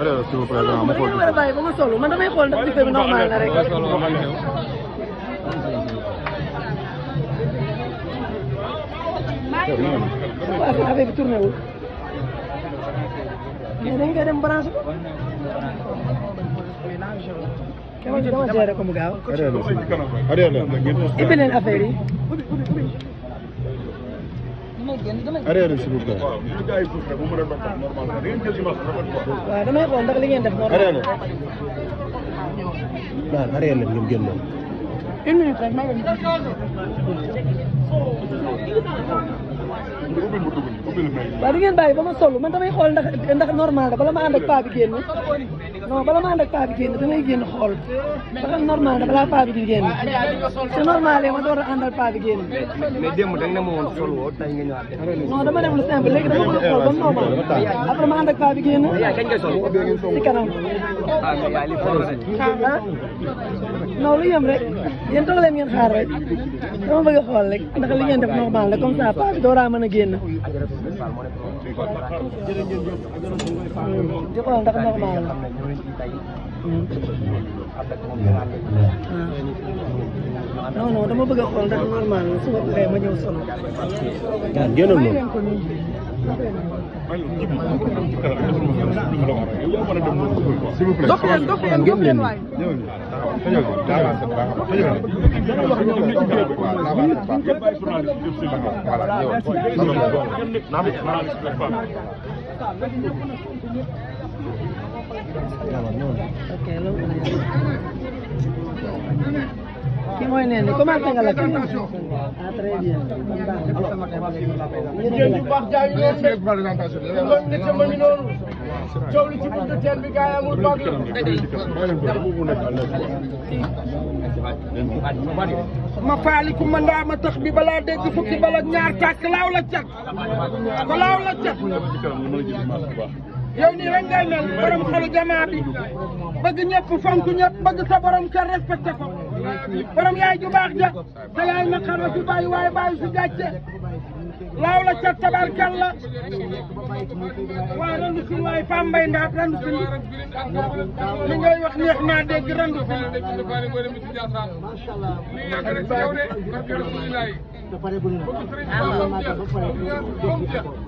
alors s'il vous plaît ma xool. war a bàyyi ba ma rek. waaw affaire bi tourné wul. mais dañ koy ko. dama dama géré ko mu gaaw. ibbi leen arrêté s'il vous plaît. waaw damay xool ndax li ngeen def normal. arrêté waaw arrêté leen ngeen génn loolu. ba ma sol man damay xool ndax ndax normal la bala ma ànd paa bi génn. non bala maa nag paa bi génn damay génn xool ba xam normal na balaa paa bi di génn su normal ma door a àndal paa bi génn. mais démb da nga ne ma woon sol woo tey nga ñëwaat. non dama def lu simple léegi dama bëgg a xool ba mu normal après ma ànd ak paa bi génn. ci kanam. Ah, ah, ah non lu yem rek yéen toog leen ngeen xaar rek dama bëgg a xool rek ndax li ngeen def normal la comme ça paa bi dooraa mën a génn. di xool ndax normal la. non ah. non dama bëgg a xool ndax normal la su ma paree ma ñëw solo. waaw génnoon loolu. dox leen dox leen dox leen waay. voilà ki mooy nee la kii ah très a mën noonu coow li ci buntu teen ma faali ma laa ma tax bi balaa dégg fukki bala ñaar kàkk laaw la cat. laaw la cat. yow nii rek ngay mel borom xolu jamaa bi bëgg ñëpp fonk ñëpp bëgg sa borom kër respecté ko borom yaay ju baax ja sa yaay na xarwa fi bàyyi waaye bàyyi laaw la ca tabarkal la waaw randu sin waaye Pam Mbay Ndaat randu sin li ngay wax neex naa dégg randu sin waaw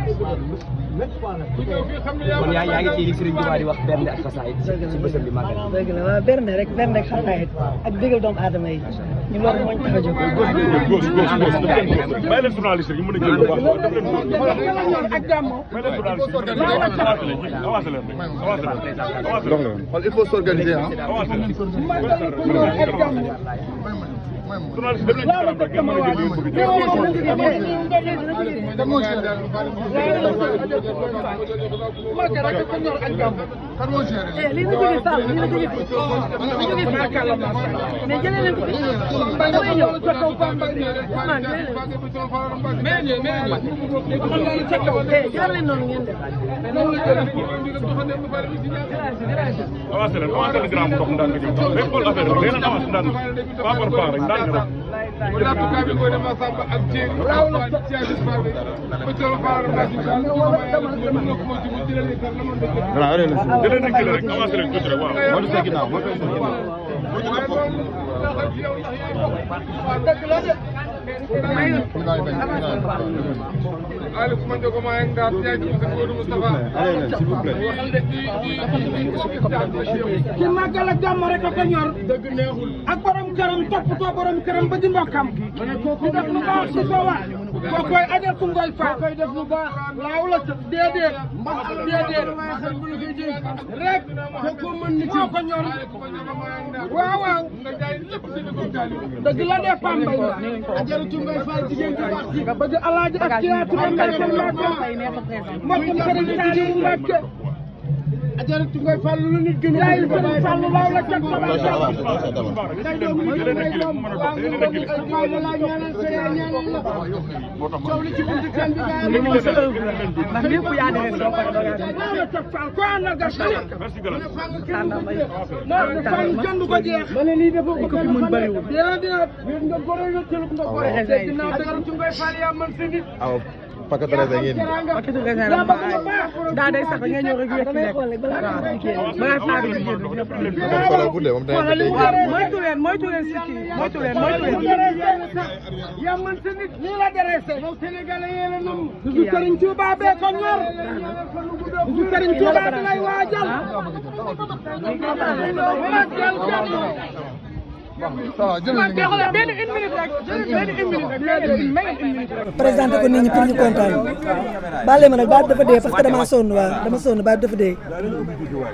kon yaa yaa ngi ci li Serigne Touba di wax bernde ak xasaayit ci bésam bi màggal. dëgg la waaw bernde rek bernde ak xasaayit ak déggal doomu aadama yi ñu loolu moo ñu tax a jóg. góos góos góos may leen journaliste rek ñu mën a jël wax def leen góos il faut s'organiser ah. avancé leen avancé leen gramme ndox ndànk bi mais xool affaire bi léegi nag avancé ndànk pas par pas rek ndànk rek. Ali Ousmane jaay ci monsieur Modou Moustapha. s'il vous plaît. ci màggal ak a ko ñor. dëgg neexul. ak borom këram toppatoo borom këram ba di mbokkam. ñu def lu baax ko koy aja Koungheul Fall koy def lu baax laaw la déedéet mbax déedéet rek ko ko mën ni ko ko ñor waaw waaw dëgg la dee Pam Mbaye aja Koungheul Fall jigéen bu baax ji bëgg alaaji ak théâtre mbay ko mbàkke moom sëriñ Saliou Mbàkke ajaratu ngay fàllu lu nit gën a ko bay fàllu law la tek ko bay day do mu ngi lay doom waaw ngi ko ngi ko la la ñaanal sa yaay ñaanal la coow li ci buntu kan bi gaay ñu ko sa man lépp yaa def do ko la tek fal ko na ga sa na fal kenn ko jeex ma ne lii dafa ko fi mën bari wu dina dina nga gore nga jël ko nga gore dina ajaratu ngay fàll yaa man sa nit paquet raisin ngeen di. paquet raisin la daa day sax da ngay ñëw rek wékk lekk. moytu leen moytu leen si kii moytu leen moytu leen. yaa man sa nit nii la dressé. yow Sénégalais yee la nam. du Serigne Touba bee ko ñor. du Serigne Touba bi lay waajal. présenté ko nit ñi pour ñu kontaan baale ma nag baat dafa dee parce que dama sonn waa dama sonn baat dafa dee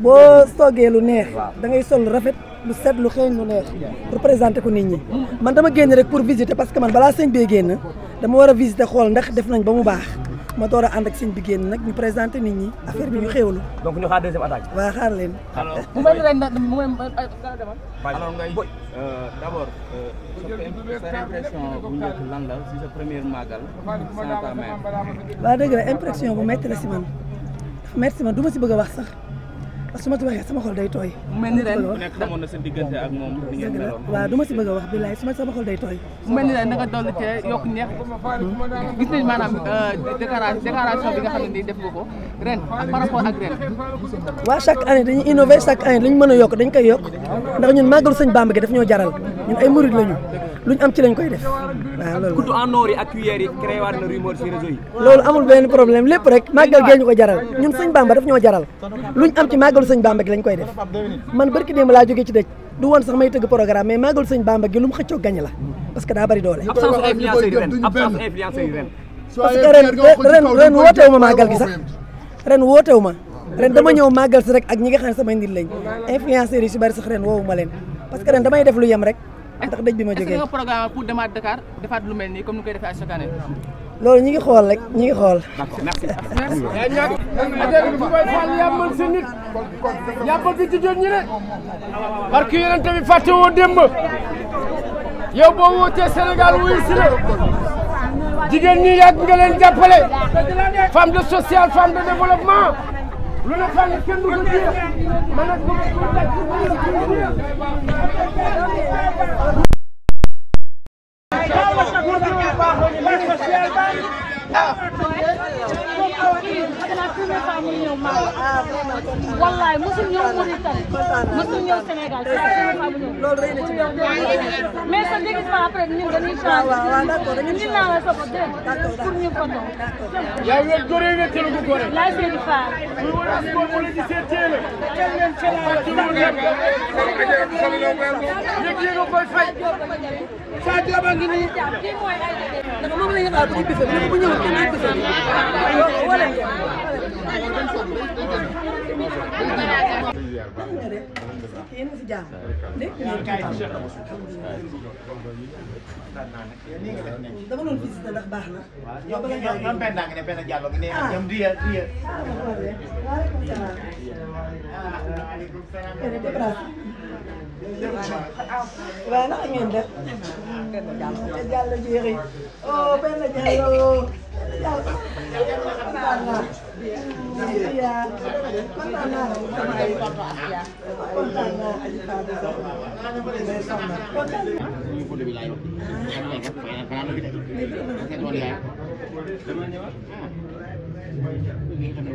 boo toogee lu neex da ngay sol rafet lu set lu xeeñ lu neex pour présenté ko nit ñi man dama génn rek pour visiter parce que man balaa sëñ bee génn dama war a visiter xool ndax def nañ ba mu baax ma door a ànd ak sëñ bi génn nag ñu présenté nit ñi affaire bi ñu xéwlu. donc ñu xaar deuxième attaque. xaar leen. alors bu may leen nag bu may alors d' abord. sa impression bu njëkk lan la si sa première magal. waaw bu métti la si man dafa si man du ma si bëgg a wax sax. parce que su sama xol day tooy. mu mel ni ren ku nekk xamoon na seen diggante ma si bëgg a wax billaay su sama xol day tooy. mu mel ni ren da nga cee yokk ñeex. gis nañ maanaam euh, déclaration nga xam ne nii def nga ko ren par rapport ak ren. waaw chaque année dañuy innover chaque année dañu mën a yokk dañ koy yokk ndax ñun màggalu sëñ Bamba gi daf ñoo jaral ñun ay murid lañu luñ am ci lañ koy def waaw loolu. kutu en or yi ak yi créé waat na rumeur ci réseau yi. loolu amul benn problème lépp rek màggal gee ñu ko jaral ñun sëñ Bamba daf ñoo jaral luñ am ci màggalu sëñ Bamba gi lañ koy def man barki démb laa jógee ci dëj du woon sax may tëgg programme mais sëñ Bamba gi lu mu gañ la parce que daa bari doole parce que ren ren ren ma màggal gi sax leen parce que ren damay def lu yem rek ndax dëj bi ma jógee est programme pour demaat defaat lu mel nii comme ni koy defee à chaque année loolu ñu ngi xool rek ñu ngi xool. d'accord merci. yàmbal sa nit yàmbal bi ci jot ñi ne parce que yeneen tamit fàtte woo démb yow boo wootee Sénégal wuyu si la jigéen ñi yàgg nga leen jàppale de social femme de développement lu ne femme kenn du ko jeex maam wallaay mosul ñëw Mauritanie mosul ñëw Sénégal loolu rëy na ci mais sa déguisement après ñun dañuy changé ñu naa la sa bopp dégg pour ñu photo yaa ngi gore nga telu ko gore laay seeni faar yëg yëg koy fay saa jooba ngi nii moom la ñu xaar bu ñu bisee bu ñëwul kenn du bisee yéen si jàmm lépp dama doon visité ndax baax na. waaw ñoom ñoom benn nga ne benn jàllo gi ne ñoom di ya di ya. waaw naka ngeen def. benn jàllo ji rëy. oh benn jàllo. kontaan naa la sama ay kontaan naa Aliou Fada sax mais sax na kontaan naa. ah.